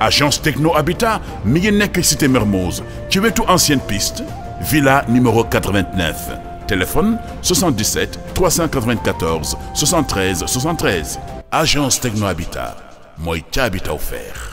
agence techno habitat mi ngi nekk cité Mermoz ci wetu ancienne piste villa numéro 89 téléphone 77 394 73 73 agence techno habitat mooy ca habitat offert.